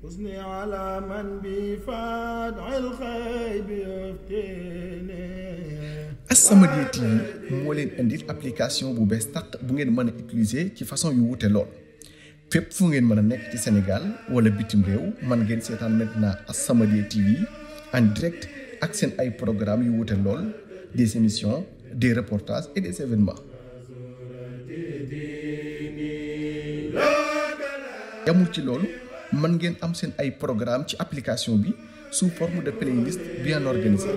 حسني على من بفدع الغيب يفتني As-Samadiyya TV moo leen indil application bu bees tàq bu ngeen mën a utiliser ci façon yu wute lool fépp fu ngeen mën a nekk ci Sénégal wala bitim réew man ngeen seetaan maintenant As-Samadiyya TV en direct ak seen ay programmes yu wute lool des émissions des reportages et des événements. yamul ci lool man ngeen am seen ay programme ci application bi sous forme de playlist bien organisée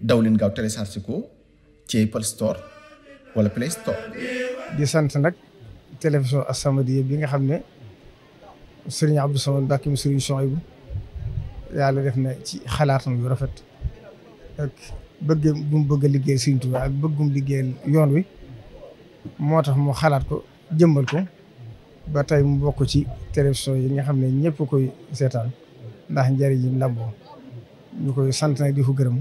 daw leen gaaw télécharge ko ci Apple Store wala Play Store. di sant nag télévision As-Samadiyya bi nga xam ne Serigne Abdou Samad Mbacké mu Serigne Souhaïbou yàlla def na ci xalaatam yu rafet ak bëgg bu mu bëgg a liggéey Serigne Touba ak bëggum liggéeyal yoon wi moo tax mu xalaat ko jëmmal ko ba tey mu bokk ci télévision yi nga xam ne ñëpp koy seetaan ndax njëriñu làmboo ñu koy sant nag di ko gërëm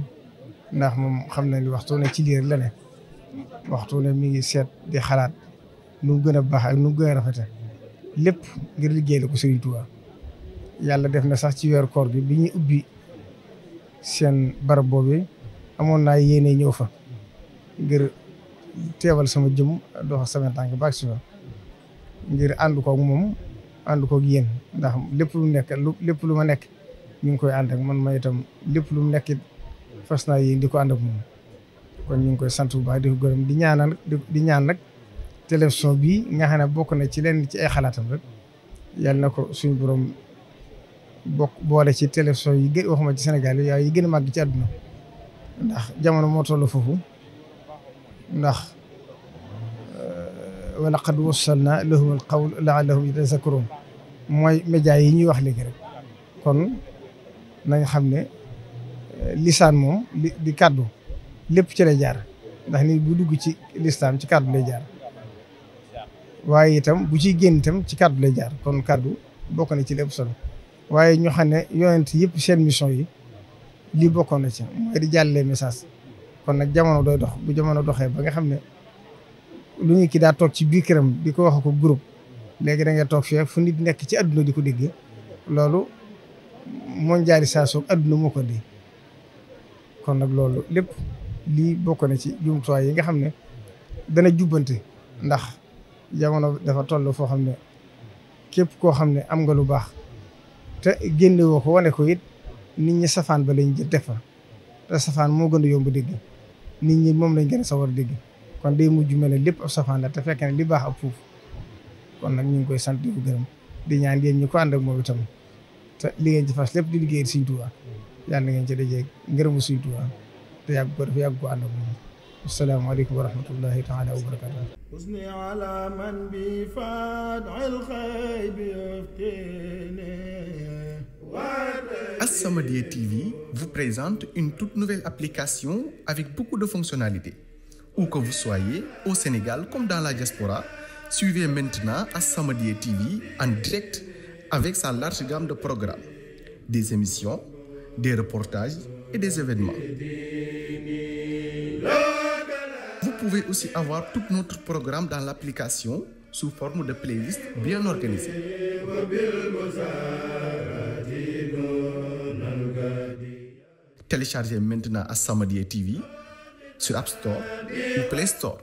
ndax moom xam na ni waxtu ne ci lii rek la waxtu ne mi ngi seet di xalaat nu gën a baax ak nu gën a rafete lépp ngir liggéeyal ko Sëriñ Tuubaa yàlla def na sax ci weeru koor bi bi ñuy ubbi seen barab boobu amoon naa yéene ñëw fa ngir teewal sama jëm dox sama tànk baag si fa ngir ànd koog moom ànd yéen ndax lépp lu nekk lu lépp lu ma nekk ñu ngi koy ànd man ma itam lépp lu mu nekk it fas naa yéen di ko ànd ak kon ñu ngi koy sant bu baax di ko di ñaanal di ñaan nag télévision bii nga xam ne bokk na ci lenn ci ay xalaatam rek yal na ko suñu borom bokk boole ci télévision yi gën waxuma ci senegal yi yi gën a màgg ci àdduna ndax jamono moo toll foofu ndax. wa laqad wassalna lahum alqawl de yatazakkaruun mooy média yi ñuy wax léegi rek kon nañ xam ne euh, lisaan moom di kàddu lépp ci lay jaar ndax ni bu dugg ci lislaam ci kàddu lay waaye itam bu ci génn tam ci kàddu lay jaar kon kàddu bokk na ci lépp solo waaye ñu xam ne yonent yëpp seen mission yi lii bokkoon na ci mooy di jàllale message kon nag jamono doy dox bu jamono doxee ba nga xam ne lu ñu kii daa toog ci biir këram di ko wax ko groupe léegi da toog fii fu nit nekk ci aduna di ko dégg loolu mondialisation adduna moo ko di kon nag loolu lépp lii bokk na ci jumtuwaay yi nga xam ne dana jubbante ndax jamono dafa toll foo xam ne képp koo xam ne am nga lu baax te génne woo ko wane ko it nit ñi safaan ba lañ defar def fa te safaan moo gën a yomb dégg nit ñi moom lañ gën a sawar dégg kon day mujj mel ne lépp ab la te fekk ne li baax ab foofu kon nag ñu ngi koy sant di ko gërëm di ñaan yéen ñu ko ànd moom itam te li ngeen ci fas lépp di liggéeyal Sëriñ Tuubaa yàlla na ngeen ci dajee ngërëmu Sëriñ Tuubaa te yàgg ko def yàgg ko ànd ak moom السلام عليكم ورحمة الله تعالى وبركاته حزني على من بفادع الخيب يفتني Asamadia TV vous présente une toute nouvelle application avec beaucoup de fonctionnalités. où que vous soyez, au Sénégal comme dans la diaspora. Suivez maintenant As-Samadiyya TV en direct avec sa large gamme de programmes, des émissions, des reportages et des événements. Vous pouvez aussi avoir tout notre programme dans l'application sous forme de playlist bien organisée. Téléchargez maintenant à samadiyya TV sur App Store ou Play Store.